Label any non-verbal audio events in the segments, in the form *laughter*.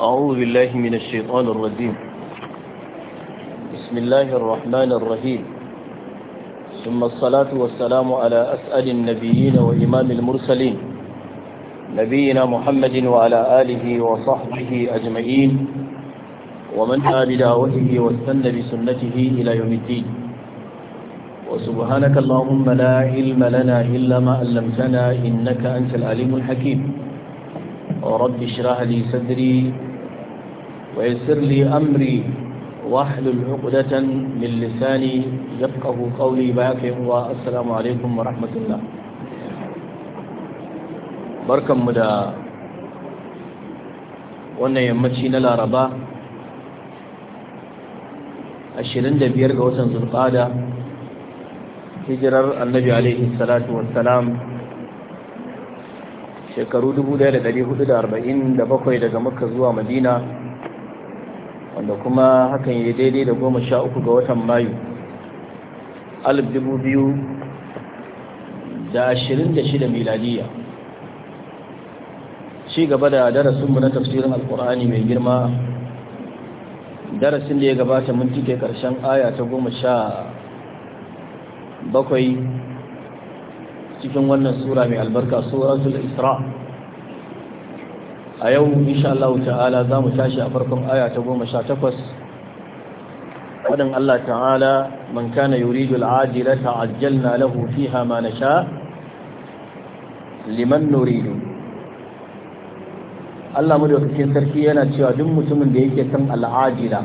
أعوذ بالله من الشيطان الرجيم بسم الله الرحمن الرحيم ثم الصلاة والسلام على أسأل النبيين وإمام المرسلين نبينا محمد وعلى آله وصحبه أجمعين ومن آل دعوته واستنى بسنته إلى يوم الدين وسبحانك اللهم لا علم لنا إلا ما علمتنا إنك أنت العليم الحكيم رب اشرح لي صدري ويسر لي أمري واحلل عقدة من لساني يفقه قولي باكي والسلام عليكم ورحمة الله barkan mu da wannan yammaci na laraba biyar ga watan zulqada hijirar annabi alaihi salatu wassalam shekaru 1447 daga maka zuwa madina wanda kuma hakan ya daidai da goma sha uku ga watan mayu alif dubu biyu da ashirin da shida miladiya ci gaba da darasinmu na tafsirin alkur'ani mai girma darasin da ya gabata mun cike karshen aya ta goma sha bakwai cikin wannan sura mai albarka suratul isra' a yau insha Allah ta'ala za mu tashi a farkon aya ta goma sha takwas wadin Allah ta'ala man kana yuridu al'ajilata ajjalna lahu fiha ma nasha liman nuridu Allah madaukakin sarki yana cewa duk mutumin da yake san al'ajila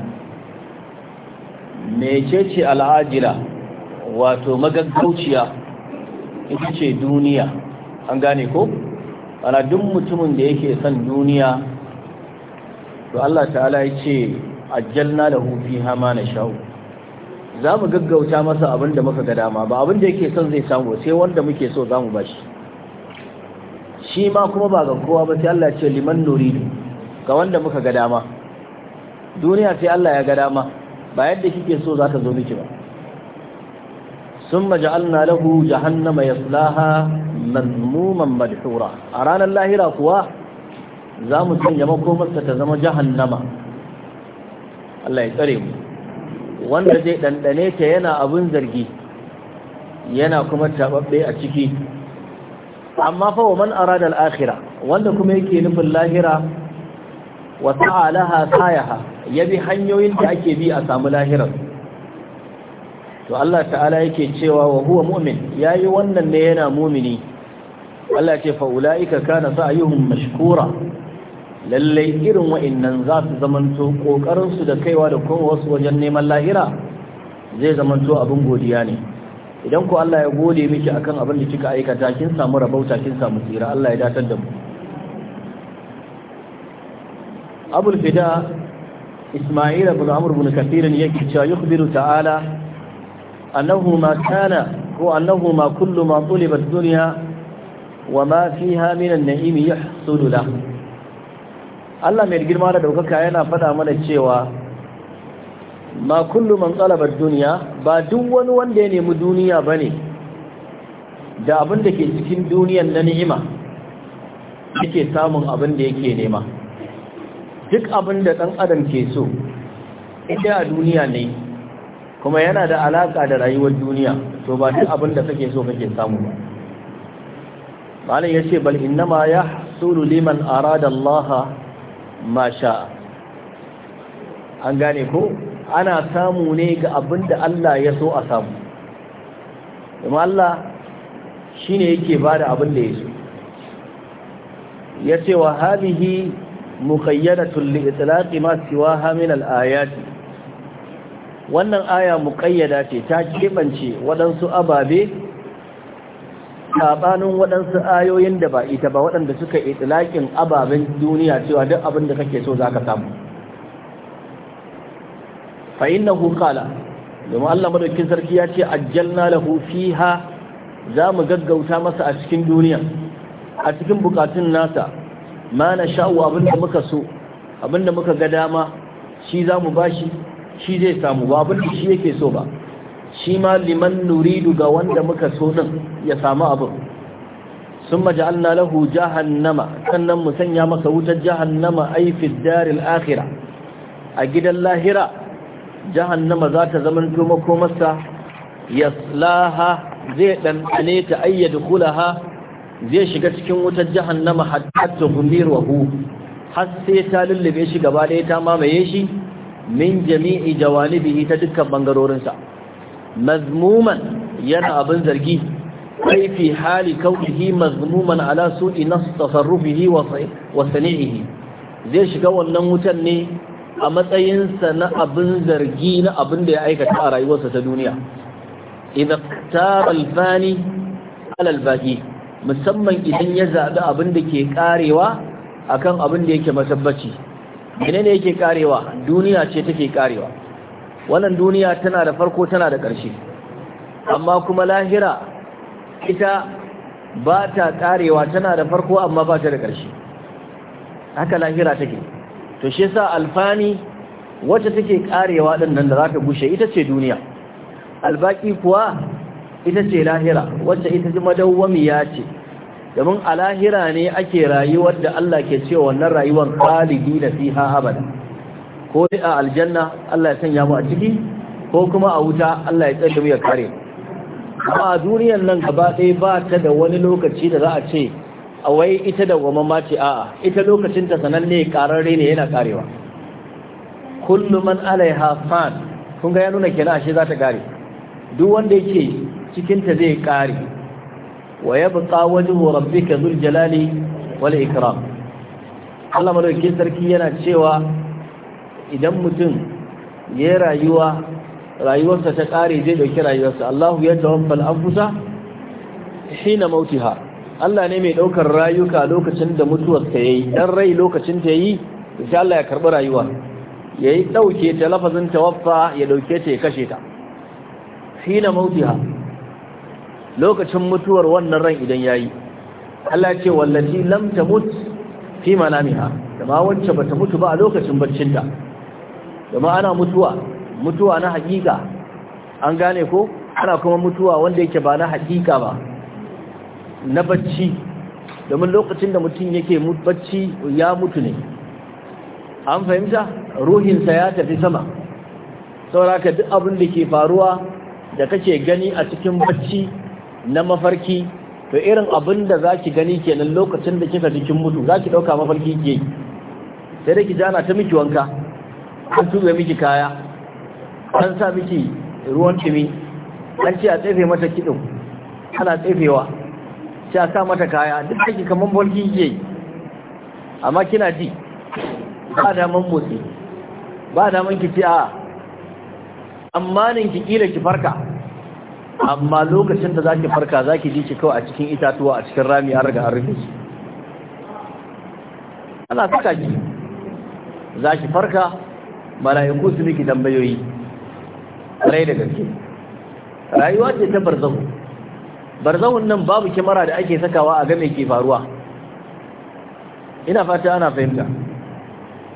mecece al'ajila wato magaggauciya ita ce duniya an gane ko ana duk mutumin da yake son duniya to Allah ta'ala ya ce ajjalna lahu fiha ma nashau zamu gaggauta masa abin muka ga dama ba abin yake son zai samu sai wanda muke so za bashi shi ma kuma ba ga kowa ba sai Allah ya ce liman nuridu ga wanda muka ga dama duniya sai Allah ya ga dama ba yadda kike so za ta zo miki ba summa ja'alna lahu jahannama yaslaha mazmuman madhura a ranar lahira kuwa za mu sanya makomarsa ta zama jahannama Allah ya tsare mu wanda zai ɗanɗane ta yana abin zargi yana kuma taɓaɓɓe a ciki amma fa wa man arada al-akhirah wanda kuma yake nufin lahira wa ta'alaha sayaha yabi hanyoyin da ake bi a samu lahirar to Allah ta'ala yake cewa wa huwa mu'min yayi wannan ne yana mumini Allah ce fa ulaika sa yi mashkura lallai irin wa'annan za su zamanto ƙoƙarinsu da kaiwa da kuma wasu wajen neman lahira zai zamanto abin godiya ne idan ku Allah ya gode miki akan abin da kika aikata kin samu rabauta kin samu tsira Allah ya datar da mu Abul Fida Isma'il ibn Amr ibn Kathir yake cewa yukhbiru ta'ala annahu ma kana ko annahu ma kullu ma tulibat dunya wa فيها من النعيم يحصل له الله Allah mai girma da daukaka yana faɗa mana cewa ma kullu man talaba ad-dunya ba duk wani wanda ya nemi duniya bane da abin da ke cikin duniyar na ni'ima yake samun abin da yake nema duk abin da dan adam ke so idan a duniya ne kuma yana da alaka da rayuwar duniya to ba duk abin da kake so kake samu ba ya yace bal innama yahsulu liman arada ma an gane ko ana samu ne ga abinda Allah ya so a samu kuma Allah shine yake bada abin da ya so yace wa hadhihi muqayyadatun li itlaqi ma siwaha min al-ayati wannan aya muqayyada ce ta kebance wadansu ababe sabanin waɗansu ayoyin da ba ita ba waɗanda suka itilakin ababen duniya cewa duk abin da kake so za ka samu fa innahu qala domin Allah madaukin sarki ya ce ajjalna lahu fiha za mu gaggauta masa a cikin duniya a cikin bukatun nasa ma na sha'u abinda muka so da muka ga dama shi za mu bashi shi zai samu ba da shi yake so ba shi ma liman nuridu ga wanda muka so din ya samu abin sun maja'alna lahu jahannama sannan mu sanya masa wutar jahannama ai fi daril akhirah a gidan lahira jahannama za ta zaman ko masa yaslaha zai ɗanɗane ta ayyadu kulaha zai shiga cikin wutar jahannama hatta tuhumir wa hu har sai ta lullube shi gaba ɗaya ta mamaye shi min jami'i jawanibihi ta dukkan bangarorinsa mazmuman yana abin zargi kai fi hali kaunihi mazmuman ala su ina tasarrufihi wa sani'ihi zai shiga wannan wutan ne a matsayinsa na abin zargi na abin da ya aikata a rayuwarsa ta duniya idan tara alfani alalbahi musamman idan ya zaɓi abin da ke karewa akan abin da yake masabbaci menene yake ƙarewa? duniya ce take ƙarewa. wannan duniya tana da farko tana da ƙarshe amma kuma lahira ita ba ta ƙarewa tana da farko amma ba ta da ƙarshe haka lahira take to shi yasa alfani wacce take ƙarewa din nan da za ta gushe ita ce duniya Albaƙi kuwa ita ce lahira wacce ita ji madawwamiya ce domin a lahira ne ake rayuwar da Allah ke cewa wannan rayuwar khalidi na fiha abada ko dai a aljanna Allah ya sanya mu a ciki ko kuma a wuta Allah ya tsare mu ya kare amma a duniyar nan gaba ɗaya ba ta da wani lokaci da za a ce a wai ita da goma ma ce a'a ita lokacin ta sananne kararre ne yana karewa kullu man alaiha fan kun ga ya nuna kenan ashe za ta kare duk wanda yake cikin ta zai kare wa yabqa wajhu rabbika dhul jalali wal ikram Allah madaukakin sarki yana cewa idan mutum ya yi rayuwa rayuwarsa ta ƙare zai ɗauki rayuwarsa Allahu ya Shi anfusa hina ha, Allah ne mai ɗaukar rayuka lokacin da mutuwar ta yayi dan rai lokacin ta yayi insha Allah ya karbi rayuwa yayi ɗauke ta lafazin tawaffa ya ɗauke ta ya kashe ta hina ha. lokacin mutuwar wannan ran idan yayi Allah ce wallaci lam tamut fi manamiha da ma wacce bata mutu ba a lokacin baccinta kuma ana mutuwa mutuwa na hakika an gane ko ana kuma mutuwa wanda yake ba na hakika ba na bacci domin lokacin da mutum yake bacci ya mutu ne an fahimta ruhinsa ya tafi sama sauraka duk abin da ke faruwa da kake gani a cikin bacci na mafarki to irin abin da za ki gani kenan lokacin da kika jikin mutu za ki ɗauka mafarki ke sai da ki jana ta miki wanka an tube miki kaya an sa miki ruwan ɗumi an ce a tsefe mata kiɗin ana tsefewa ce a sa mata kaya duk aiki kamar bolki ke amma kina ji ba daman motsi ba daman ki ce a tsammanin ki ƙila ki farka amma lokacin da za ki farka za ki ji ki kawai a cikin itatuwa a cikin rami an riga an rufe shi ana saka ki za ki farka mala'iku su miki tambayoyi rai da gaske rayuwa ce ta barzahu barzahun nan babu kyamara da ake sakawa a game ke faruwa ina fata ana fahimta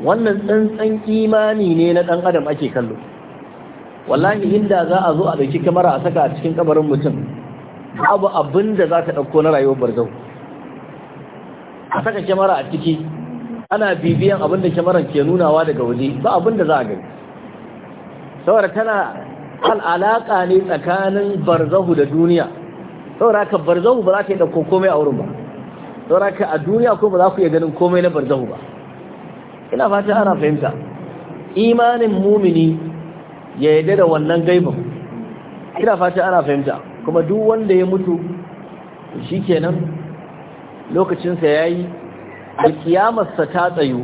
wannan tsantsan imani ne na ɗan adam ake kallo wallahi inda za a zo a ɗauki kyamara a saka a cikin kabarin mutum abu abinda da za ta ɗauko na rayuwar barzau a saka kyamara a ciki ana bibiyan abin da kyamaran ke nunawa daga waje ba abin da za a gani saboda tana al'alaka ne tsakanin barzahu da duniya saboda ka barzahu ba za ka yi ɗauko komai a wurin ba saboda ka a duniya ko ba za ku iya ganin komai na barzahu ba ina fata ana fahimta imanin mumini ya yarda da wannan gaibin ina fata ana fahimta kuma duk wanda ya mutu shi kenan lokacinsa ya yi. alkiyamarsa ta tsayo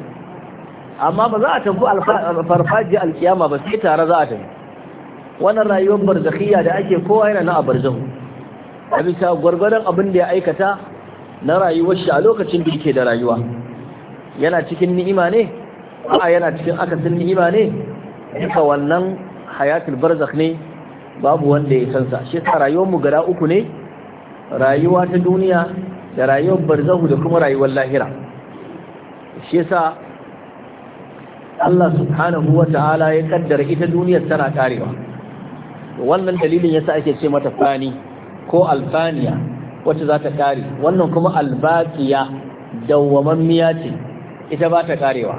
amma ba za a tafi alfarfaji alkiyama ba sai tare za a tafi wannan rayuwar Barzakiya da ake kowa yana na barzahu a bisa gwargwadon abin da ya aikata na rayuwar shi a lokacin da yake da rayuwa yana cikin ni'ima ne a yana cikin akasin ni'ima ne duka wannan hayatul barzakh ne babu wanda ya san sa shi ta rayuwar mu gara uku ne rayuwa ta duniya da rayuwar barzahu da kuma rayuwar lahira shi yasa Allah subhanahu wata'ala ya kaddara ita duniyar tana karewa wannan dalilin yasa ake ce mata fani ko alfaniya wacce za ta kare wannan kuma albaqiya miya ce ita ba ta karewa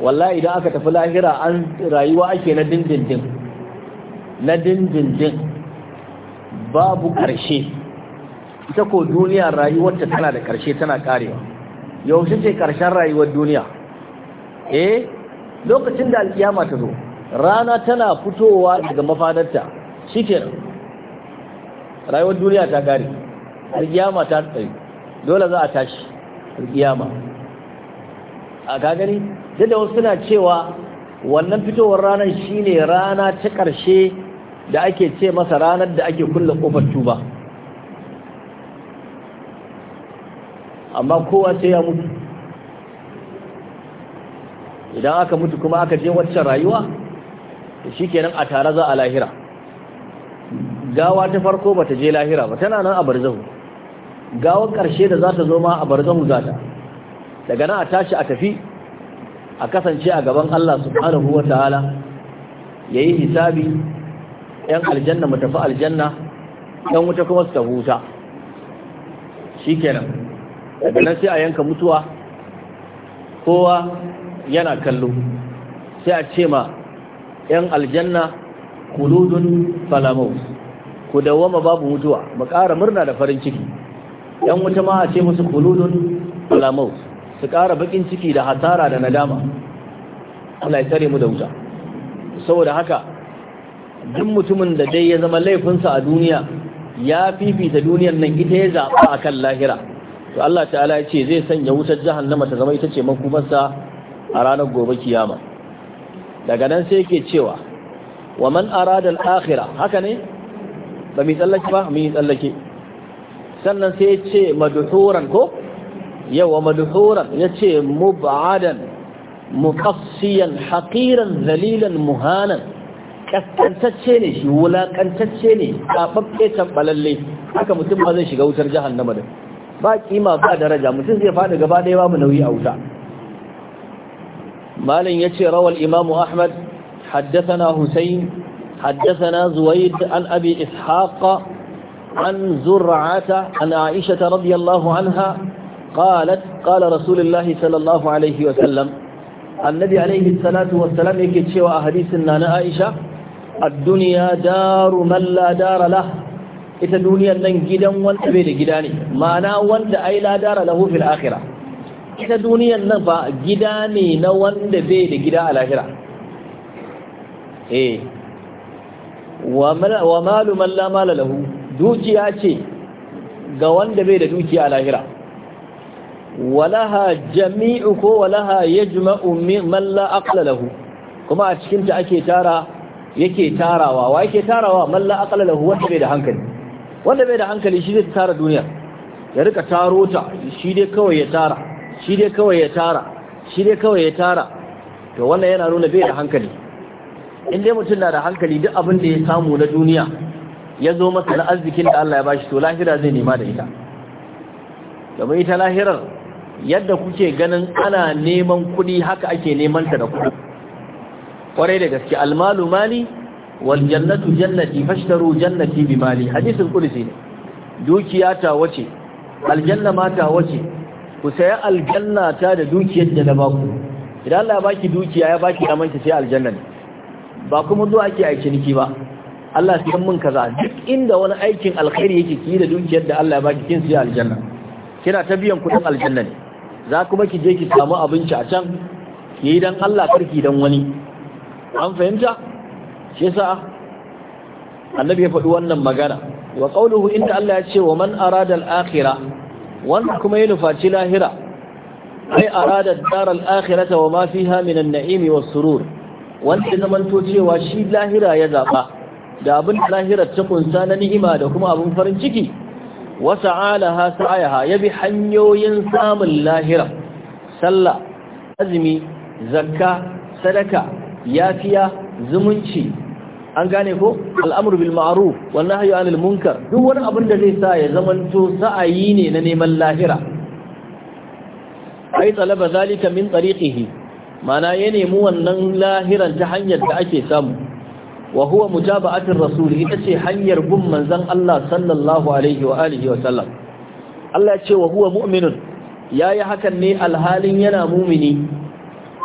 wallahi idan aka tafi lahira an rayuwa ake na dindindin na dindindin babu karshe ita ko duniya rayuwarta tana da karshe tana karewa yaushe ce karshen rayuwar duniya eh lokacin da alkiyama ta zo rana tana fitowa daga mafadarta shikenan rayuwar duniya ta kare alkiyama ta tsaye dole za a tashi alkiyama a gagari duk da wasu suna cewa wannan fitowar ranar shine rana ta ƙarshe da ake ce masa ranar da ake kulle ƙofar tuba amma kowa sai ya mutu idan aka mutu kuma aka je waccan rayuwa da shi kenan a tare za a lahira gawa ta farko ba ta je lahira ba tana nan a barzahu gawar ƙarshe da za ta zo ma a barzahu za ta daga nan a tashi a tafi a kasance a gaban Allah subhanahu wa ta'ala ya yi hisabi ‘yan aljanna mu tafi aljanna ‘yan wuta kuma su ta huta shi kenan daga nan sai a yanka mutuwa kowa yana kallo sai a ce ma 'yan aljanna kuludun falamau ku wama babu mutuwa mu ƙara murna da farin ciki 'yan wuta ma a ce musu kuludun falamau su ƙara baƙin ciki da hasara da nadama Allah ya tare mu da wuta saboda haka duk mutumin da dai ya zama laifinsa a duniya ya fifita duniyar nan ita ya zaɓa akan lahira to Allah ta'ala ya ce zai sanya wutar jahannama ta zama ita ce makumarsa a ranar gobe kiyama daga nan sai yake cewa wa man arada al-akhirah haka ne ba mi tsallake ba mi tsallake sannan sai ya ce madhuran ko yawa madhuran yace mub'adan muqassiyan haqiran zalilan muhanan kaskantacce ne shi wulakantacce ne kafaffe tabbalalle haka mutum ba zai shiga wutar jahannama da ba kima ba daraja mutum zai faɗi gaba ɗaya babu nauyi a wuta malam yace rawal imamu ahmad haddathana husayn haddathana zuwaid an abi ishaqa an zur'ata an aisha ta radiyallahu anha qalat qala rasulullahi sallallahu alaihi wa sallam annabi alaihi salatu wa salam yake cewa a hadisin na na aisha ad-dunya daru man la dara lahu ita duniyar nan gidan wanda bai da gida ne ma'ana wanda ai la dara lahu fil akhirah ita duniyar nan ba gida ne na wanda bai da gida a lahira eh wa malu man la mala lahu dukiya ce ga wanda bai da dukiya a lahira walaha jami'u ko walaha yajma'u man la aqla lahu kuma a cikin ta ake tara yake tarawa wa yake tarawa man la aqla lahu wanda bai da hankali wanda bai da hankali shi zai tara duniya ya rika taro ta shi dai kawai ya tara shi dai kawai ya tara shi dai kawai ya tara to wannan yana nuna bai da hankali in dai mutum na da hankali duk abin da ya samu na duniya ya zo masa na arzikin da Allah ya bashi to lahira zai nema da ita domin ita lahirar yadda kuke ganin ana neman kuɗi haka ake neman ta da kuɗi kwarai da gaske almalu mali Waljannatu jannati fashtaru jannati bi mali hadisul qudsi ne dukiya ta wace aljanna ta wace ku saya aljanna ta da dukiyar da na baku idan Allah ya baki dukiya ya baki amanta sai aljanna ne ba kuma zuwa ake a ciniki ba Allah sai mun kaza duk inda wani aikin alkhairi yake ki da dukiyar da Allah ya baki kin sai aljanna kina ta biyan kudin aljanna ne za kuma ki je ki samu abinci a can ki yi dan Allah karki dan wani an fahimta shi yasa annabi ya faɗi wannan magana wa qawluhu inda Allah ya ce wa man arada al-akhirah wanda kuma ya nufaci lahira ai arada dar al-akhirah wa ma fiha min an-na'im surur wanda na manto cewa shi lahira ya zaba da abin lahirar ta kunsa na ni'ima da kuma abin farin ciki wa sa'alaha sa'ayaha yabi hanyoyin samun lahira sallah azumi zakka sadaka yafiya zumunci an gane ko al'amru bil ma'ruf wan nahyu anil munkar duk wani abin da zai sa ya zamanto sa'ayi ne na neman lahira ai talaba zalika min tariqihi mana ya nemi wannan lahiran ta hanyar da ake samu wa huwa mutaba'atir rasul ita ce hanyar bin manzon Allah sallallahu alaihi wa alihi wa sallam Allah ya ce wa huwa mu'minun yayi hakan ne alhalin yana mumini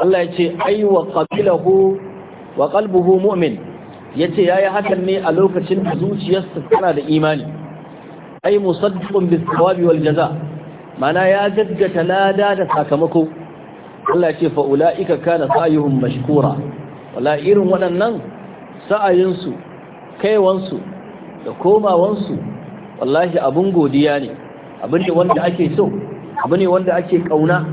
Allah ya ce ai wa qabilahu wa qalbuhu mu'min ya ce ya yi hakan ne a lokacin da zuciyarsa tana da imani ai musaddiqun bis thawabi wal jaza mana ya gaggata lada da sakamako Allah ya ce fa ulaika kana sa'yuhum mashkura wala irin waɗannan sa'ayinsu kaiwansu da komawansu wallahi abun godiya ne abin ne wanda ake so abu ne wanda ake kauna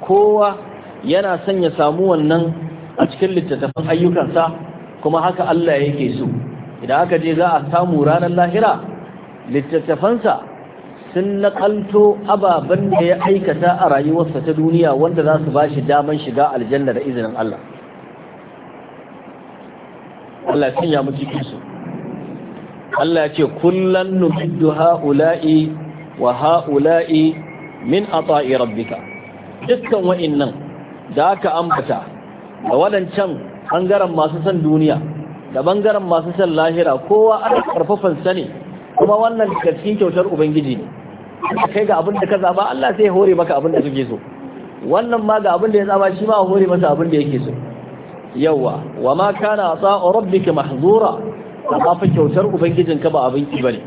kowa yana son ya samu wannan a cikin littattafan ayyukansa kuma haka Allah yake so idan aka je za a samu ranar lahira littattafansa sun nakalto ababen da ya aikata a rayuwarsa ta duniya wanda za su ba shi daman shiga aljanna da izinin Allah Allah sun ya mutu kinsu Allah ce kullum numiddu ha'ula'i wa ha'ula'i min ata'i rabbika dukkan wa'innan da aka ambata da waɗancan bangaren masu san duniya da bangaren masu san lahira kowa ana karfafan sa ne kuma wannan cikin kyautar ubangiji ne kai ga abin da ka zaba Allah sai ya hore maka abin da kake so wannan ma ga abin da ya zaba shi ma hore masa abin da yake so yawa wa ma kana sa'u rabbika mahzura amma fa kyautar ka ba abin ki bane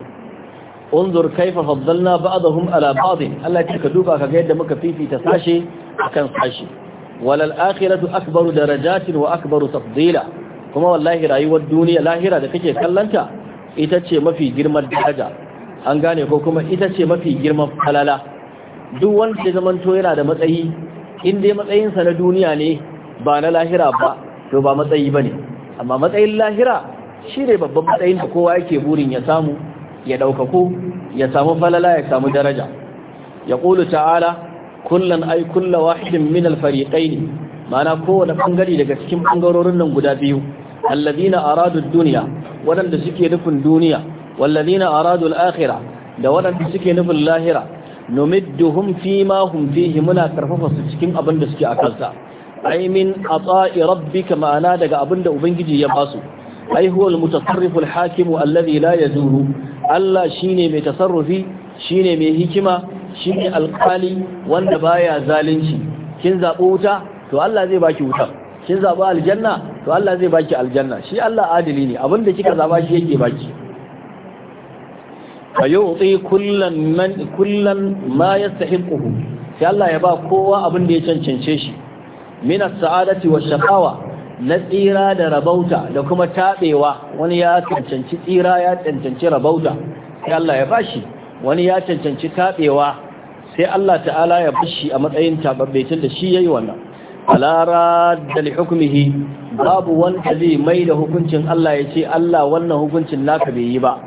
unzur kaifa faddalna ba'dahum ala ba'd Allah ya ka duba ka ga yadda muka fifita sashe akan sashe walal akhiratu akbaru darajatin wa akbaru tafdila kuma wallahi rayuwar duniya lahira da kake kallanta ita ce mafi girman daraja an gane ko kuma ita ce mafi girman falala duk wanda ya zamanto yana da matsayi in dai matsayinsa na duniya ne ba na lahira ba to ba matsayi bane amma matsayin lahira shi ne babban matsayin da kowa yake burin ya samu ya ko ya samu falala ya samu daraja ya ƙulu ta'ala kullan ay kullu wahidin min al-fariqayn Ma'ana kowane bangare daga cikin bangarorin nan guda biyu alladhina aradu ad-dunya wadanda suke nufin duniya walladhina aradu al-akhirah da wadanda suke nufin lahira numidduhum fima hum fihi muna karfafa su cikin abin da suke akalta ay min ata'i rabbika ma'ana daga abin da ubangiji ya basu ai huwa al-mutasarrifu al-hakimu alladhi la yazuru Allah shine mai tasarrufi shine mai hikima shi ne alƙali wanda baya zalunci kin zaɓi wuta to Allah zai baki wuta kin zaɓi aljanna to Allah zai baki aljanna shi Allah adili ne abinda kika zaɓa shi yake baki fa yu'ti kullan man kullan ma yastahiquhu sai Allah ya ba kowa abin da ya cancance shi min as-sa'adati wash-shaqawa na tsira da rabauta da kuma taɓewa wani ya cancanci tsira ya cancanci rabauta sai Allah ya bashi wani ya cancanci taɓewa sai Allah ta'ala ya bashi a matsayin tababbacin da shi yayi wannan alara da hukumihi babu wanda zai mai da hukuncin Allah ya ce Allah wannan hukuncin naka bai yi ba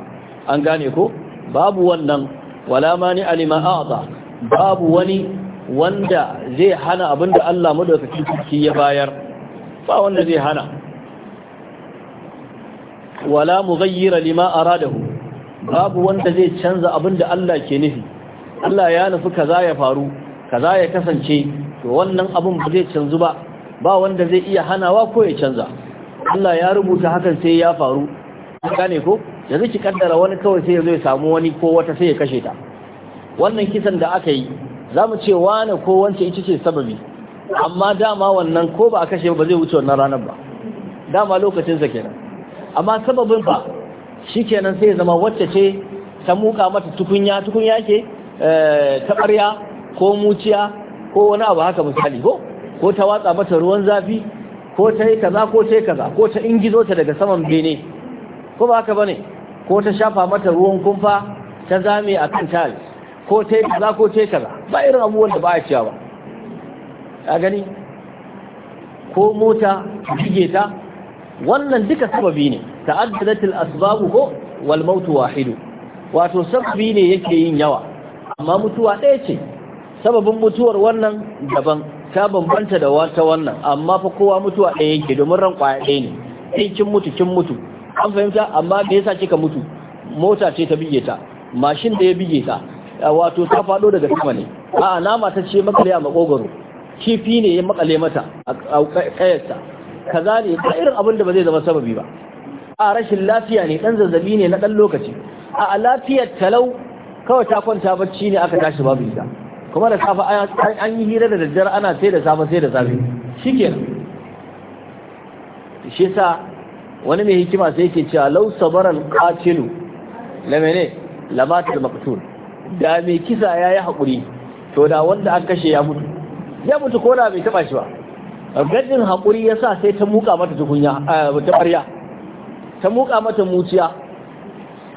an gane ko babu wannan wala mani alima a'ta babu wani wanda zai hana abinda Allah madaukakin sarki ya bayar ba wanda zai hana wala mughayyira lima aradahu babu wanda zai canza abinda Allah ke nufi Allah ya nufi kaza ya faru kaza ya kasance to wannan abun ba zai canzu ba ba wanda zai iya hanawa ko ya canza Allah ya rubuta hakan sai ya faru gane ko yanzu ki kaddara wani kawai sai yazo ya samu wani ko wata sai ya kashe ta wannan kisan da aka yi zamu ce wani ko wance ita ce sababi amma dama wannan ko ba a kashe ba zai wuce wannan ranar ba dama lokacin sa kenan amma sababin ba shikenan sai ya zama wacce ce ta muka mata tukunya tukunya ke Eh, taɓarya ko muciya ko wani abu haka misali ko ko ta watsa mata ruwan zafi ko ta yi kaza ko ta yi kaza ko ta ingizo ta daga saman bene ko ba haka bane ko ta shafa mata ruwan kumfa ta zame a kan tali, ko ta yi kaza ko ta yi kaza ba irin abubuwan da ba a ba a gani ko mota bige ta wannan duka sababi ne ta'addadatul asbabu ko wal mautu wahidu wato sababi ne yake yin yawa amma mutuwa ɗaya ce sababin mutuwar wannan daban ta bambanta da wata wannan amma fa kowa mutuwa ɗaya yake domin ran kwaya ɗaya ne ɗin kin mutu kin mutu an fahimta amma me yasa kika mutu mota ce ta bige ta mashin da ya bige ta wato ta faɗo daga sama ne a'a nama ta ce makale a makogaro kifi ne ya makale mata a kayarsa kaza ne ba irin abin da ba zai zama sababi ba a rashin lafiya ne ɗan zazzabi ne na ɗan lokaci a lafiyar talau kawai ta kwanta bacci ne aka tashi babu ita kuma da safe an yi hira da daddare ana sai da safe sai da safe ke shi sa wani mai hikima sai yake cewa lau sabara al na mene lamata Maktul? da mai kisa ya yi hakuri to da wanda an kashe ya mutu ya mutu ko da bai taba shi ba gadin hakuri yasa sai ta muka mata tukunya eh, ta ƙarya ta muka mata muciya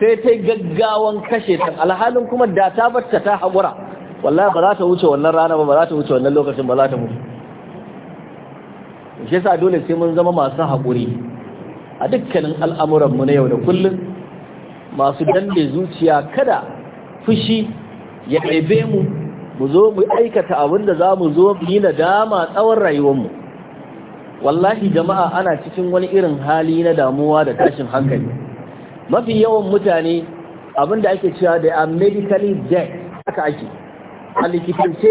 sai ta gaggawan kashe ta alhalin kuma da ta barta ta haƙura wallahi ba za ta wuce wannan rana ba ba za ta wuce wannan lokacin ba za ta mutu shi yasa dole sai mun zama masu haƙuri a dukkanin al'amuranmu na yau da kullum masu danne zuciya kada fushi ya ɗaibe mu mu zo mu aikata abin da za mu zo mu yi dama tsawon rayuwarmu wallahi jama'a ana cikin wani irin hali na damuwa da tashin hankali mafi yawan mutane abinda ake cewa da a medically dead haka ake a likitance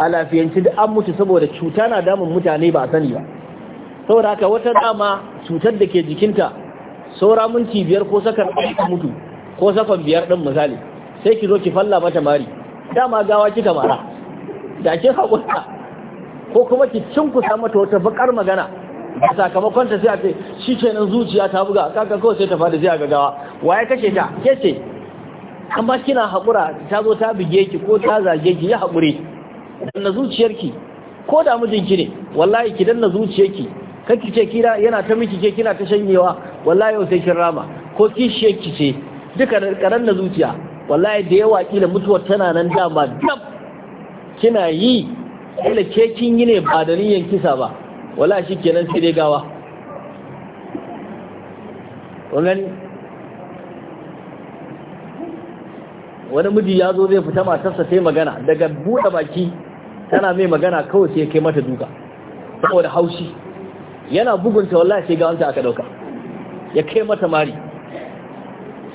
a lafiyanci da an mutu saboda cuta na damun mutane ba a sani ba saboda haka wata dama cutar da ke jikinta saura minti biyar ko sakan ɗaya mutu ko safan biyar ɗin misali sai ki zo ki falla mata mari dama gawa kika mara da ke ko kuma ki cunkusa mata wata bakar magana a sakamakon ta sai a ce shi kenan zuciya ta buga kaka kawai sai ta fada sai a gagawa waye kashe ta ke ce amma kina haƙura ta zo ta bige ki ko ta zage ki ya haƙure danna zuciyarki ko da mijinki ne wallahi ki danna zuciyarki kake ce kira yana ta miki ke kina ta shanyewa wallahi yau sai kin rama ko kishiyarki ce duka karan na zuciya wallahi da yawa kila mutuwar tana nan dama dab kina yi kila ke kin yi ne ba da niyyar kisa ba wala shi kenan sai dai gawa wannan wani miji ya zo zai fita matarsa sai magana daga buɗe baki tana mai magana kawai sai kai mata duka saboda haushi yana bugunta wallahi sai gawanta aka dauka ya kai mata mari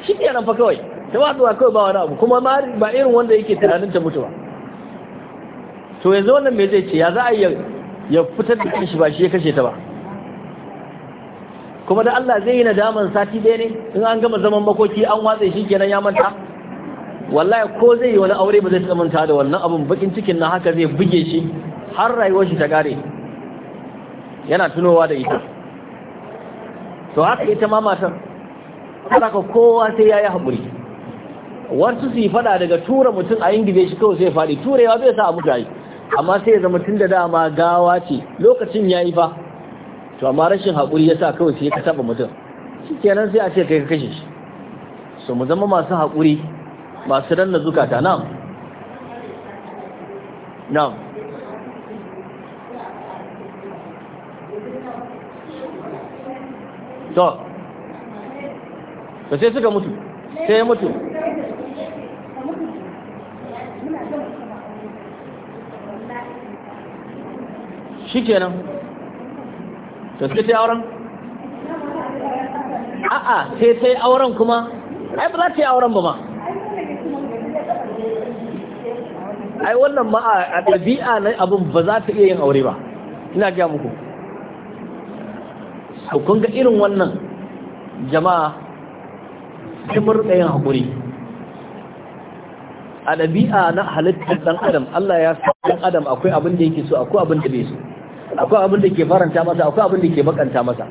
shi nan fa kawai ta zuwa kawai ba wani abu kuma mari ba irin wanda yake tunanin ta mutuwa to yanzu wannan me zai ce ya za a yi ya fitar da kanshi ba shi ya kashe ta ba kuma da Allah zai yi nadaman sati ɗaya ne in an gama zaman makoki an watsa shi kenan ya manta wallahi ko zai yi wani aure ba zai manta da wannan abun bakin cikin na haka zai buge shi har rayuwar shi ta kare yana tunowa da ita to haka ita ma matar ka kowa sai yayi hakuri wasu su yi fada daga tura mutum a ingize shi kawai sai faɗi turewa bai sa a mutane amma sai ya zama tun da dama gawa ce lokacin ya yi fa to amma rashin haƙuri ya sa kawai sai ka taɓa mutum shi kenan sai a ce kai ka kashe shi so mu zama masu haƙuri masu ranna zukata nam to to sai suka mutu sai ya mutu shikenan to sai sai auren a'a sai sai auren kuma ai ba za ta yi auren ba ma ai wannan ma a ɗabi'a na abin ba za ta iya yin aure ba ina gaya muku kun ga irin wannan jama'a kimar ɗayan haƙuri a ɗabi'a na halittar ɗan adam Allah ya sa ɗan adam akwai abin da yake so akwai abin da bai so akwai abin da ke faranta masa akwai abin da ke bakanta masa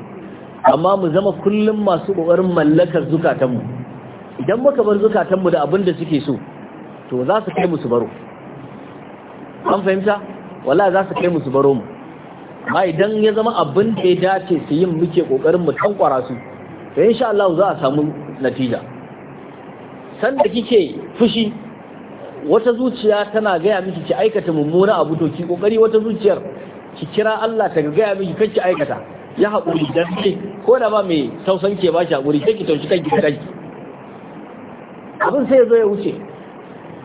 amma mu zama kullum masu ƙoƙarin mallakar zukatanmu idan muka bar zukatanmu da abin da suke so to za su kai mu su baro an fahimta wala za su kai mu su baro mu amma idan ya zama abin da ya dace su yin muke kokarin mu tankwara su to insha Allah za a samu natija sanda kike fushi wata zuciya tana gaya miki ki aikata mummuna abu to ki kokari wata zuciyar ki kira Allah ta gaya miki kanki aikata ya haƙuri dan ke ko da ba mai tausan ke ba shi haƙuri sai ki taushi kanki kanki abin sai ya zo ya wuce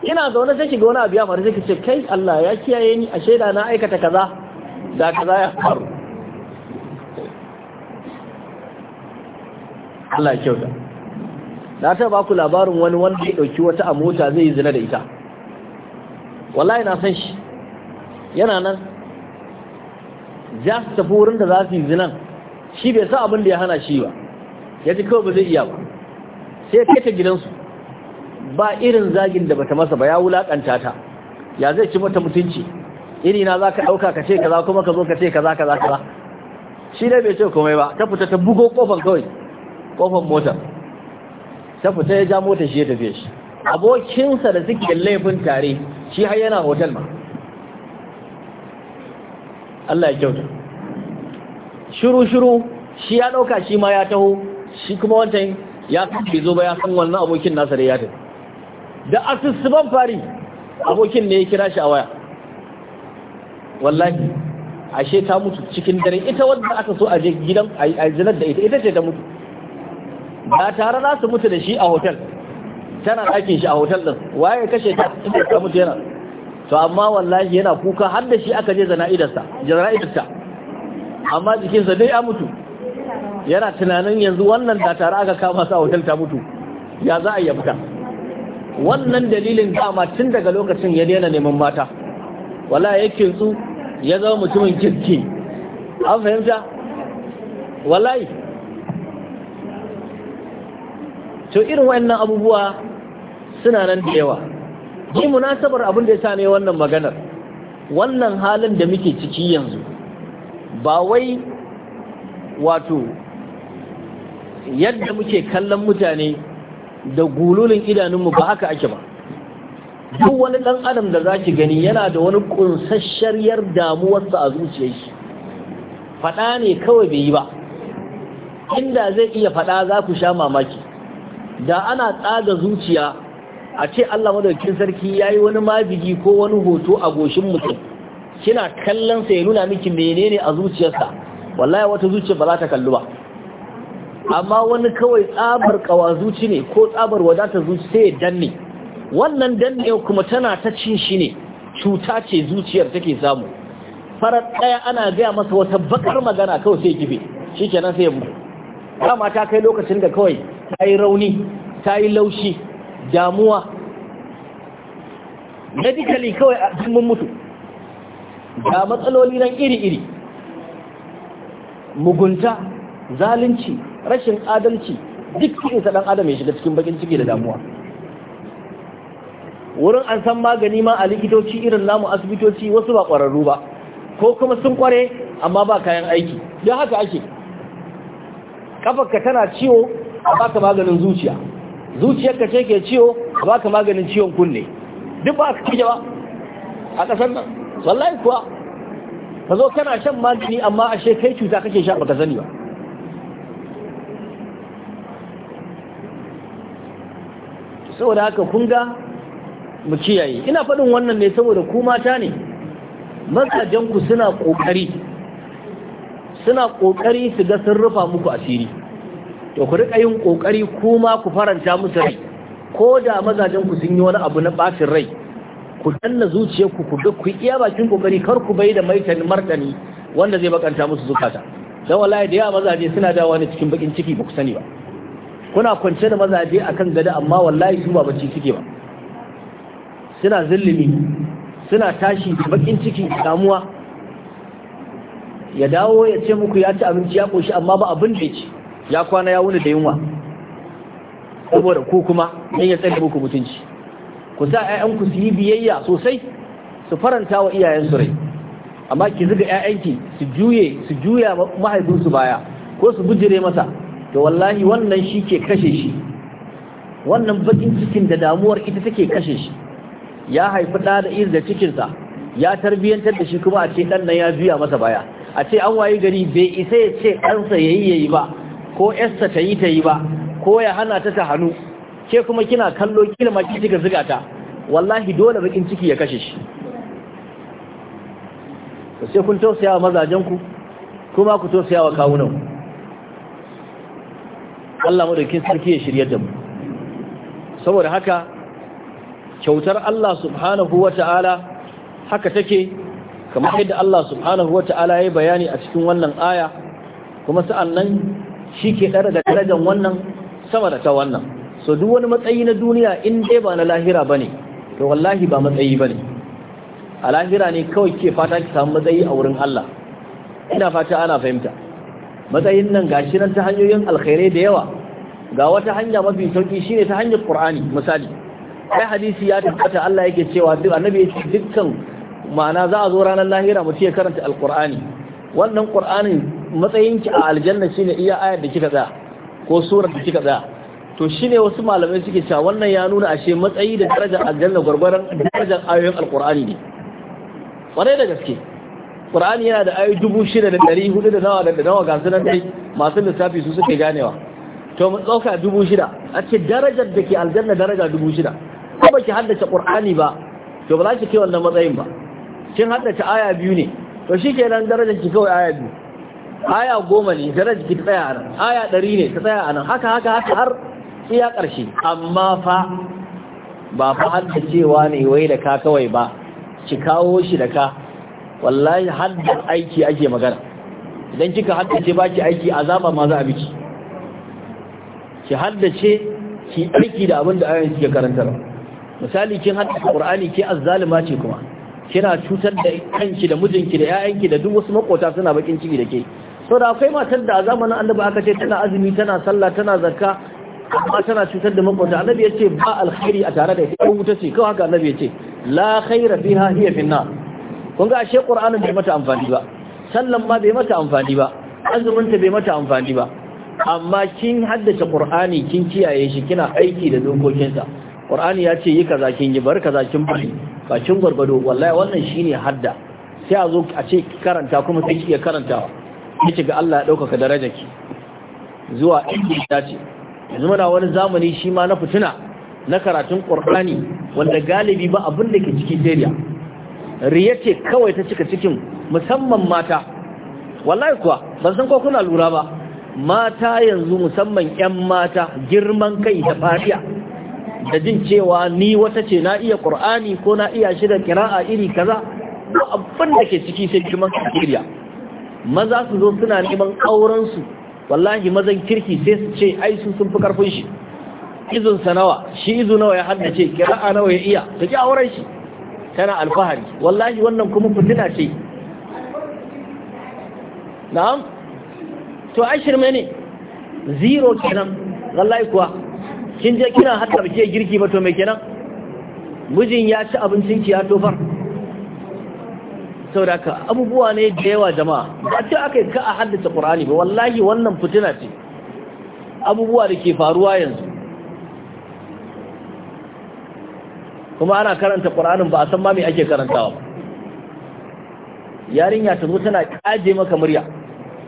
ina zaune sai ki ga wani abu ya faru sai ki ce kai Allah ya kiyaye ni a shaida na aikata kaza da kaza ya faru Allah ya kyauta na ta ba ku labarin wani wanda ya ɗauki wata a mota zai yi zina da ita wallahi na san shi yana nan za su tafi wurin da za su yi zinan shi bai sa abin da ya hana shi ba ya ji kawai ba zai iya ba sai kai ta gidansu ba irin zagin da bata masa ba ya wulakanta ta ya zai ci mata mutunci iri na za ka ɗauka ka ce kaza kuma ka zo ka ce kaza kaza kaza shi dai bai ce komai ba ta fita ta bugo kofar kawai kofar motar ta fita ya ja mota shi ya tafiye shi abokinsa da suke laifin tare shi har yana hotel ma Allah ya kyauta shiru shiru shi ya dauka shi ma ya taho shi kuma wancan ya kafi zo ba ya san wannan abokin nasa da ya tafi da asusuban fari abokin ne ya kira shi a waya wallahi ashe ta mutu cikin dare ita wadda aka so a je gidan a zinar da ita ita ce ta mutu ba tare za su mutu da shi a hotel tana ɗakin shi a hotel ɗin. waye kashe ta ita ta mutu yana to amma wallahi yana kuka har da shi aka je zana'idarsa zana'idarsa amma jikinsa dai ya mutu yana tunanin yanzu wannan da tare aka kama sa hotel ta mutu ya za a yi fita wannan dalilin dama tun daga lokacin ya daina neman mata wallahi ya kintsu ya zama mutumin kirki an fahimta wallahi to irin wannan abubuwa suna nan da yawa ji munasabar abin da ya sa ne wannan maganar wannan halin da muke ciki yanzu ba wai wato yadda muke kallon mutane da gululin idanunmu ba haka ake ba duk wani ɗan adam da za ki gani yana da wani ƙunsasshiyar damuwarsa a zuciyar shi faɗa ne kawai bai yi ba inda zai iya faɗa za ku sha mamaki da ana tsaga zuciya a ce Allah madaukin sarki yayi wani majigi ko wani hoto a goshin mutum kina kallon sa ya nuna miki menene a zuciyarsa wallahi wata zuciya ba za ta kallu ba amma wani kawai tsabar kawa zuci ne ko tsabar wadatar zuci sai ya danne wannan danne kuma tana ta cin shi ne cuta ce zuciyar take samu farar ɗaya ana gaya masa wata bakar magana kawai sai kife shikenan sai ya mutu dama ta kai lokacin da kawai ta yi rauni ta yi laushi damuwa medically kawai a mun mutu ga matsaloli nan iri-iri mugunta zalunci rashin adalci duk cikin sa dan adam ya shiga cikin bakin ciki da damuwa wurin an san magani ma a likitoci irin namu asibitoci wasu ba ƙwararru ba ko kuma sun ƙware amma ba kayan aiki don haka ake kafarka tana ciwo a baka maganin zuciya zuciyarka ce ke ciwo ba ka maganin ciwon kunne duk ba ka kije ba a ƙasar nan wallahi kuwa ka zo kana shan magani amma ashe kai cuta kake sha baka sani ba saboda haka kun ga mu kiyaye ina faɗin wannan ne saboda ku mata ne mazajenku suna ƙoƙari suna ƙoƙari su ga sun rufa muku asiri to ku rika yin kokari kuma ku faranta musu rai ko da mazajen ku sun yi wani abu na bacin rai ku danna zuciyarku ku ga ku iya bakin kokari kar ku bai da maitan martani wanda zai bakanta musu zukata dan wallahi da yawa mazaje suna dawa ne cikin bakin ciki ba ku sani ba kuna kwance da mazaje akan gada amma wallahi su ba bacci suke ba suna zillimi, suna tashi da bakin ciki damuwa ya dawo ya ce muku ya ci abinci ya koshi amma ba abin da ya ci ya kwana ya wuni da yunwa saboda ko kuma in ya tsaye muku mutunci ku sa ƴaƴanku su yi biyayya sosai su faranta wa iyayensu rai amma ki zuga ƴaƴanki su juye su juya mahaifinsu baya ko su bujire masa to wallahi wannan shi ke kashe shi wannan bakin cikin da damuwar ita take kashe shi ya haifi ɗa da da cikinsa ya tarbiyyantar da shi kuma a ce ɗan nan ya juya masa baya a ce an wayi gari bai isa ya ce ɗansa yayi ya yi ba ko yarsa ta yi ta yi ba ko ya hana ta ta hannu ke kuma kina kallo kila ma kika ziga ta wallahi dole bakin ciki ya kashe shi to sai kun tausaya wa mazajen ku kuma ku tausaya wa kawunan ku Allah madaukin sarki ya shirye da mu saboda haka kyautar Allah subhanahu wata'ala haka take kamar yadda Allah subhanahu wata'ala ya bayani a cikin wannan aya kuma sa'annan shi ke ɗara da darajar wannan sama da ta wannan so duk wani matsayi na duniya in dai ba na lahira ba ne to wallahi ba matsayi ba ne a lahira ne kawai ke fata ki samu matsayi a wurin Allah ina fata ana fahimta matsayin nan ga shi nan ta hanyoyin alkhairai da yawa ga wata hanya mafi sauki shine ta hanyar Qur'ani misali Kai hadisi ya tabbata Allah yake cewa duk annabi yake dukkan ma'ana za a zo ranar lahira mu ya karanta Alkur'ani? wannan qur'anin matsayinki a aljanna shine iya ayar da kika tsaya ko surar da kika tsaya to shine wasu malamai suke cewa wannan ya nuna ashe matsayi da darajar aljanna gurbaran darajar ayoyin alqur'ani ne kwarai da gaske qur'ani yana da ayoyi dubu shida da dari hudu da nawa da nawa ga nan dai masu lissafi su suke ganewa to mu ɗauka dubu shida a ce darajar da ke aljanna daraja dubu shida ko ba ki haddace qur'ani ba to ba za ki kai wannan matsayin ba kin haddace aya biyu ne to shi nan darajar ki kawai aya biyu aya goma ne ta rajiki ta tsaya a nan aya ɗari ne ta tsaya a nan haka haka haka har iya ƙarshe amma fa ba fa hadda cewa ne wai da ka kawai ba ki kawo shi da ka wallahi da aiki ake magana idan kika ce ba ki aiki azaba ma za a biki ki ce ki aiki da abin da ki ke karantar misali kin haddace qur'ani ke azzalima ce kuma kina cutar da kanki da mijinki da ƴaƴanki da duk wasu makota suna bakin ciki da ke so da akwai matar da a zamanin annabi aka ce tana azumi tana sallah tana zakka amma tana cutar da makwabta annabi ya ce ba alkhairi a tare da ita ko wuta ce kawai haka annabi ya ce la khaira fiha hiya finna kun ga ashe qur'anin bai mata amfani ba sallan ma bai mata amfani ba azumin ta bai mata amfani ba amma kin haddace qur'ani kin kiyaye shi kina aiki da dokokinsa qur'ani ya ce yi kaza kin yi bar kaza kin bari bakin gwargwado wallahi wannan shine hadda sai a zo a ce karanta kuma sai ki iya karantawa yake ga Allah ya ɗaukaka darajarki zuwa inda ya dace yanzu muna wani zamani shi ma na fituna na karatun ƙur'ani wanda galibi ba abin da ke ciki dariya riya ce kawai ta cika cikin musamman mata wallahi kuwa ban san ko kuna lura ba mata yanzu musamman 'yan mata girman kai da fariya da jin cewa ni wata ce na iya ƙur'ani ko na iya kira kira'a iri kaza abin da ke ciki sai girman kai maza su zo suna neman aurensu wallahi mazan kirki sai su ce ai su sun fi karfin shi izun sa nawa shi izu nawa ya haddace kira'a nawa ya iya ta ki auren shi tana alfahari wallahi wannan kuma fitina ce na'am to ai shirme ne zero kenan wallahi kuwa kin je kina hadda ba ke girki ba to me kenan mijin ya ci abincin ki ya tofar saboda ka abubuwa ne da yawa jama'a ba ce aka yi ka a haddace ƙur'ani ba wallahi wannan fitina ce abubuwa da ke faruwa yanzu kuma ana karanta ƙur'anin ba a san ma me ake karantawa ba yarinya ta zo tana kaje maka murya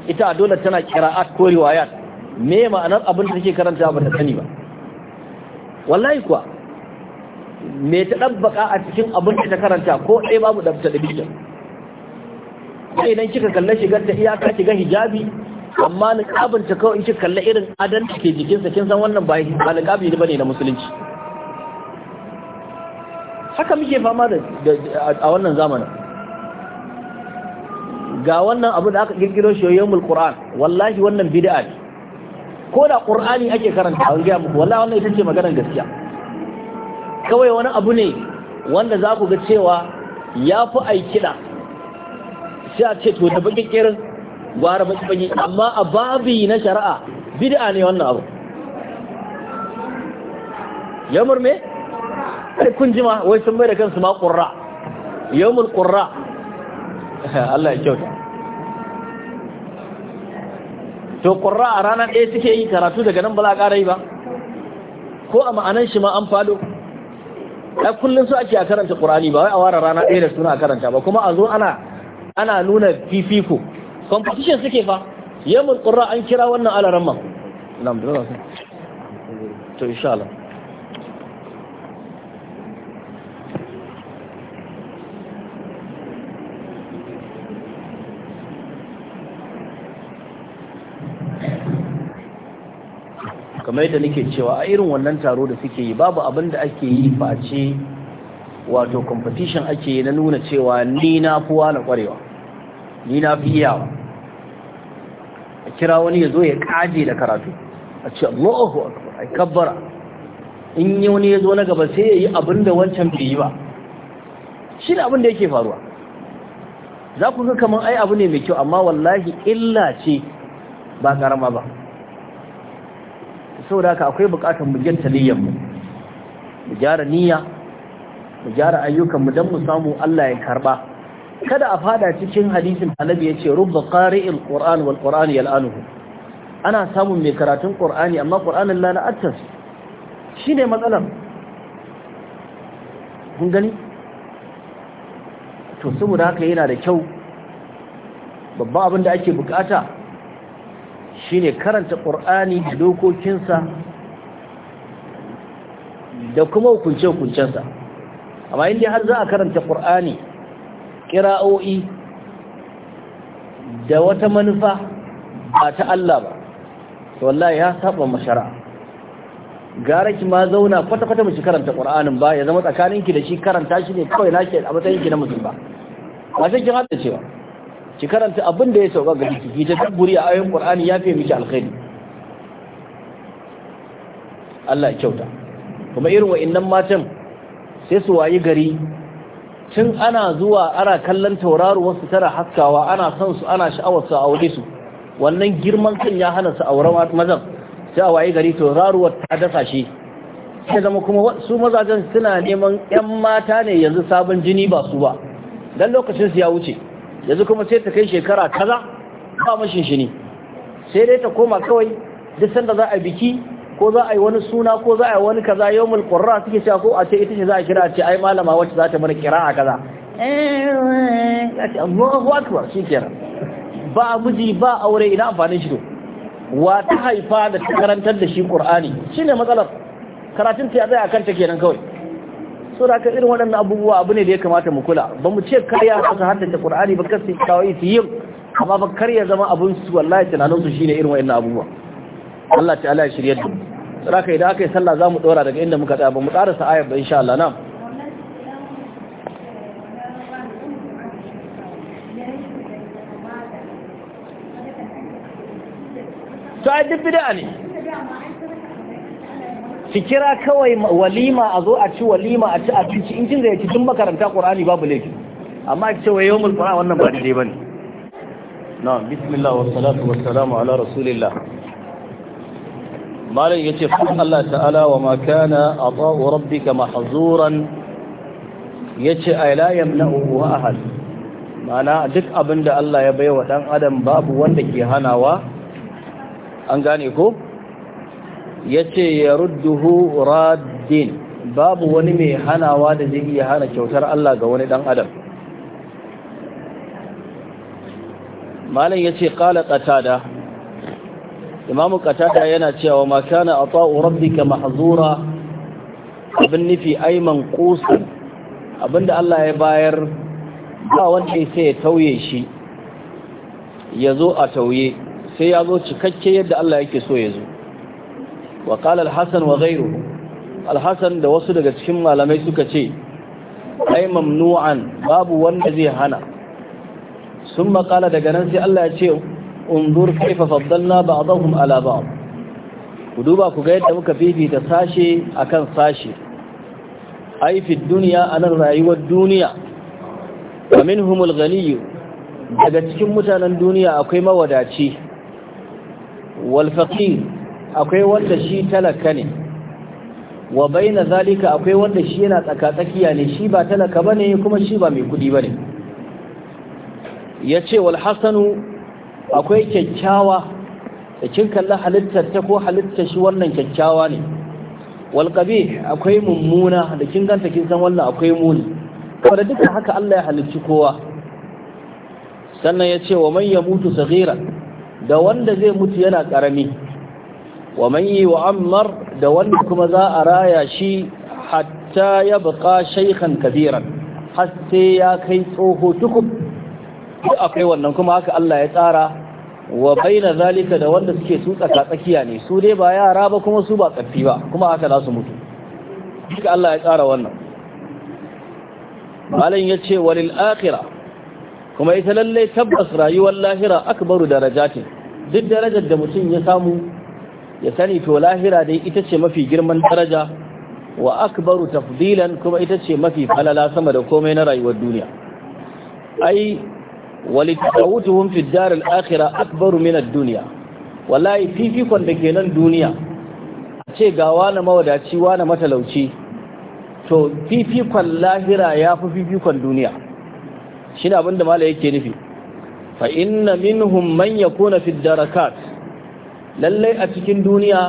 ita dole tana qira'at ko riwayat me ma'anar abin da take karanta ba ta sani ba wallahi kuwa me ta dabbaka a cikin abin da ta karanta ko ɗaya babu dabta da kai idan kika kalla shigar ta iyaka kiga hijabi amma ni ta kawai in kika kalla irin adan da ke jikinsa kin san wannan ba ba niqabi ne bane na musulunci haka muke fama da a wannan zamanin ga wannan abu da aka kirkiro shi yawmul qur'an wallahi wannan bid'a ne ko da qur'ani ake karanta an ga muku wallahi wannan ita ce maganar gaskiya kawai wani abu ne wanda za ku ga cewa ya fi aikida sai a ce to da baki kirin gwara baki baki amma a babi na shari'a bid'a ne wannan abu ya murme sai kun jima wai sun mai da kansu ma qurra yawmul qurra *laughs* Allah ya kyauta to qurra a ranar ɗaya suke yi karatu daga nan ba za a ƙara yi ba ko a ma'anan shi ma an fado ai kullun su ake a karanta qur'ani ba wai a ware rana ɗaya da suna a karanta ba kuma a zo ana ana nuna fifiko competition suke fa yamin ƙura an kira wannan alaran ma to insha Allah kamar yadda nake cewa a irin wannan taro da suke yi babu abin da ake yi face wato competition ake na nuna cewa ni na fuwa na kwarewa ni na fi a kira wani ya zo ya kaje da karatu a ce Allahu akbar ai kabbara in yi wani ya zo na gaba sai ya yi abin da wancan bai yi ba shi da abin da yake faruwa za ku ga kamar ai abu ne mai kyau amma wallahi illa ce ba karama ba saboda haka akwai bukatar mu gyanta mu mu gyara niyya mu gyara ayyukan mu dan mu samu Allah ya karba kada a fada cikin hadisin annabi yace rubba qari'il qur'an wal qur'an yal'anuhu ana samun mai karatun qur'ani amma qur'anin la shine matsalar kun gani to saboda haka yana da kyau babban abin da ake bukata shine karanta qur'ani da dokokinsa da kuma hukunce-hukuncensa amma inda har za a karanta ƙur'ani ƙira'o'i da wata manufa ba ta Allah ba to wallahi ya saba mashara gara ki ma zauna kwata-kwata mace karanta ƙur'anin ba ya zama tsakaninki da shi karanta shi ne kawai ke a matsayinki na musulma ba sai kin hada cewa ki karanta abin da ya sauka ga ciki ki ta tabburi a ayoyin ƙur'ani ya fi miki alkhairi Allah ya kyauta kuma irin nan matan sai su wayi gari Tun ana zuwa ana kallon tauraro wasu tara haskawa ana son su ana sha'awar su waje su wannan girman kan ya hana su auren mazan sai a wayi gari tauraruwar ta dasa shi sai zama kuma su mazajen suna neman yan mata ne yanzu sabon jini ba su ba dan lokacin su ya wuce yanzu kuma sai ta kai shekara kaza ba mashin shini sai dai ta koma kawai duk sanda za a biki ko za a yi wani suna ko za a yi wani kaza yawmul qurra suke cewa ko a ce ita ce za a kira a ce ai malama wacce za ta mana eh, a kaza ba miji ba aure ina amfanin shi to wa ta haifa da ta karantar da shi qur'ani shine matsalar karatun ta a akan ta kenan kawai so da ka irin waɗannan abubuwa abu ne da ya kamata mu kula ba mu ce karya su haddace ƙur'ani ba kasi kawai su yi amma ba karya zama abun su wallahi tunanin su shine irin waɗannan abubuwa Allah ta'ala ya shirye da mu saraka idan aka yi sallah za mu ɗora daga inda muka tsaya ba mu karasa ayat ba insha Allah na'am. to ai duk bid'a ne ki kira kawai walima a zo a ci walima a ci abinci in kin da yake tun makaranta Qur'ani babu laifi amma ki ce wa yawmul Qur'an wannan ba dai bane Na'am bismillah wassalatu wassalamu ala rasulillah malam yace fa Allah ta'ala wa ma kana ata'u rabbika mahzuran yace ay la yamna'u ahad mana duk abinda Allah ya baiwa dan adam babu wanda ke hanawa an gane ko yace yarudduhu raddin babu wani mai hanawa da zai iya hana kyautar Allah ga wani dan adam malam yace qala qatada imamu katata yana cewa ma kana ata'u rabbika mahzura abin nufi ai manqusan abinda Allah ya bayar ba wanda sai ya tauye shi ya a tauye sai ya zo cikakke yadda Allah yake so ya zo wa qala al wa ghayruhu al da wasu daga cikin malamai suka ce ai mamnu'an babu wanda zai hana sun maƙala daga nan sai Allah ya ce unzur kaifa faddalna ba'dahum ala ba'd ku duba ku ga yadda muka fifita sashe akan sashe ai fi duniya anan rayuwar duniya wa minhumul ghaniy daga cikin mutanen duniya akwai mawadaci wal faqir akwai wanda shi talaka ne wa baina zalika akwai wanda shi yana tsakatsakiya ne shi ba talaka bane kuma shi ba mai kudi bane yace wal hasanu akwai kyakkyawa da kin kalli halittar ta ko halittar shi wannan kyakkyawa ne wal akwai mummuna da kin ganta kin san wannan akwai muni da duka haka Allah ya halicci kowa sannan ya ce wa man yamutu saghira da wanda zai mutu yana karami wa man yu'ammar da wanda kuma za a raya shi hatta ya baka shaykhan kabiran har ya kai tsoho tukub akwai wannan kuma haka Allah ya tsara wa baina zalika da wanda suke su tsaka tsakiya ne su dai ba yara ba kuma su ba tsaffi ba kuma haka za su mutu duka Allah ya tsara wannan malam yace walil akhirah kuma ita lalle tabbas rayuwar lahira akbaru darajatin duk darajar da mutum ya samu ya sani to lahira dai ita ce mafi girman daraja wa akbaru tafdilan kuma ita ce mafi falala sama da komai na rayuwar duniya ai ولتفوتهم akira الدار الآخرة أكبر من الدنيا wallahi fifikon da ke nan duniya a ce ga wani mawadaci wani matalauci to fifikon lahira ya fi fifikon duniya shi ne abinda mala yake nufi fa inna minhum man yakuna fi darakat lallai a cikin duniya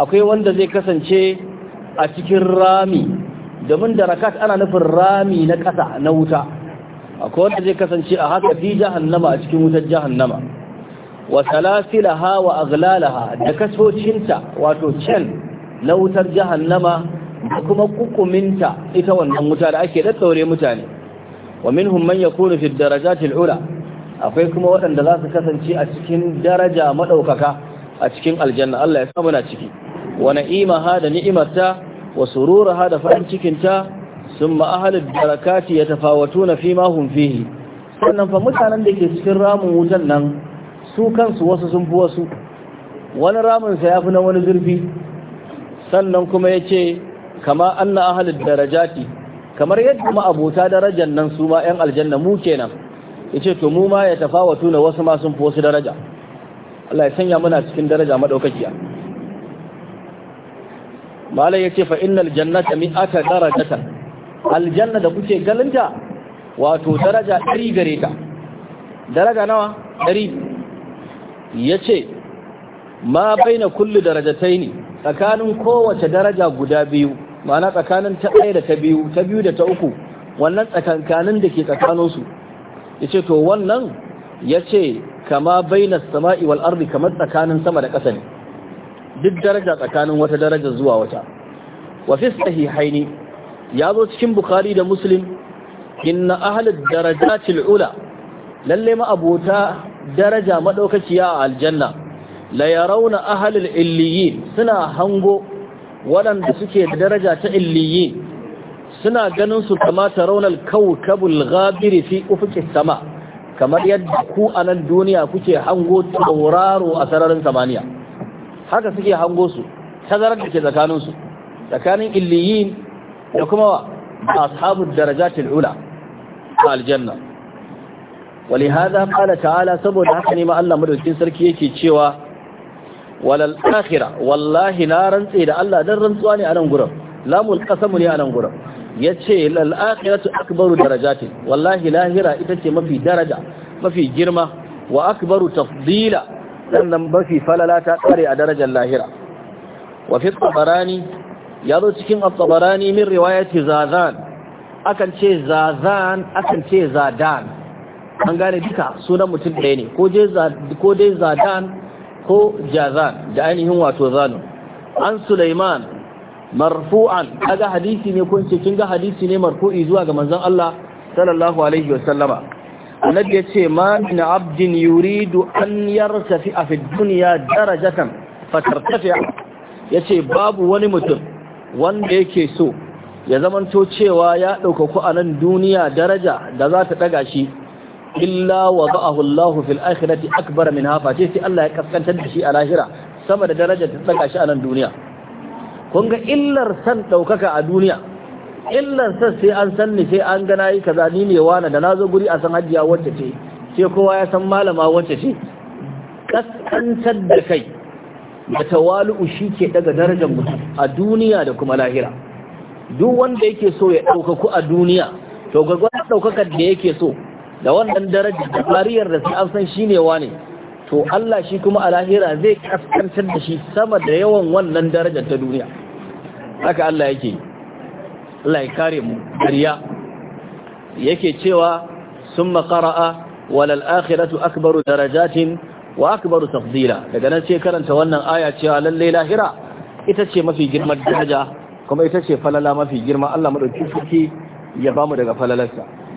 akwai wanda zai kasance a cikin rami domin darakat ana nufin rami na ƙasa na wuta akwai wanda zai kasance a haka fi jahannama a cikin wutar jahannama wa salasilaha wa aghlalaha da kasocinta wato chen na wutar jahannama da kuma kukuminta ita wannan wuta da ake daddaure mutane wa minhum man yakunu fi darajati al-ula akwai kuma waɗanda za su kasance a cikin daraja madaukaka a cikin aljanna Allah ya sa muna ciki wa na'imaha da ni'imarta wa sururaha da farin cikinta ثم أهل ya يتفاوتون فيما هم فيه sannan fa mutanen da ke cikin ramin wutan nan su kansu wasu sun fi wasu wani ramin sa yafi na wani zurfi sannan kuma yace kama anna ahlud darajati kamar yadda ma abota darajar nan su ma yan aljanna mu kenan yace to mu ma ya tafawatu na wasu ma sun fi wasu daraja Allah ya sanya muna cikin daraja madaukakiya malai yace fa innal jannata mi'ata darajatan aljanna da kuke galinta wato daraja 100 gare ta daraja nawa 100 yace ma baina kulli darajataini tsakanin kowace daraja guda biyu ma'ana tsakanin ta ɗaya da ta biyu ta biyu da ta uku wannan tsakankanin da ke tsakanin su yace to wannan yace kama baina sama'i wal ardi kamar tsakanin sama da ƙasa ne duk daraja tsakanin wata daraja zuwa wata wa fi sahihaini ya zo cikin bukhari da muslim inna ahlad darajatil ula lalle ma daraja maɗaukaciya a aljanna la yarawna ahlul illiyin suna hango waɗanda suke da daraja ta illiyin suna ganin su kama tarawna kawkabul ghabir fi ufuqis sama kamar yadda ku a nan duniya kuke hango tauraro a sararin samaniya haka suke hango su tazarar da ke tsakaninsu tsakanin illiyin da kuma ashabu darajatul ula aljanna ولهذا قال ta'ala saboda haka ne ma Allah madaukakin sarki yake cewa walal akhira wallahi na rantse da Allah dan rantsuwa ne a nan gurin lamul qasamu ne a nan gurin yace lal akhiratu akbaru darajatin. wallahi lahira ita ce mafi daraja mafi girma wa akbaru tafdila sannan mafi falala ta tsare a darajar lahira wa fi tabarani ya zo cikin al tabarani min riwayat zazan akan ce zazan akan ce zadan an gane duka sunan mutum ɗaya ne ko ko dai zadan ko jazan da ainihin wato zanu an sulaiman marfu'an kaga hadisi ne kun ce kin ga hadisi ne marfu'i zuwa ga manzon Allah sallallahu alaihi wasallama annabi ce ma min abdin yuridu an yartafi fi dunya darajatan fatartafi yace babu wani mutum wanda yake so ya zamanto cewa ya ɗaukaku a nan duniya daraja da za ta ɗaga shi illa wa a hulahu fil akhirati akbar min hafa ce sai Allah ya kaskantar da shi a lahira sama da daraja ta ɗaga shi a nan duniya kun ga illar san ɗaukaka a duniya illar san sai an san ni sai an gana yi kaza ni ne wani da na zo guri a san hajiya wacce ce sai kowa ya san malama wacce ce kaskantar da kai da tawalu'u shi ke daga darajar mutum a duniya da kuma lahira duk wanda yake so ya ɗaukaku a duniya to gwagwar ɗaukakar da yake so da wannan darajar da lariyar da sai an san shi ne wane to Allah shi kuma a lahira zai kaskantar da shi sama da yawan wannan darajar ta duniya haka Allah yake Allah ya kare mu dariya yake cewa sun makara'a walal akhiratu akbaru darajatin wa akbaru tafdila daga nan sai karanta wannan aya cewa lalle lahira ita ce mafi girma daraja kuma ita ce falala mafi girma Allah madaukakin ya bamu daga falalarsa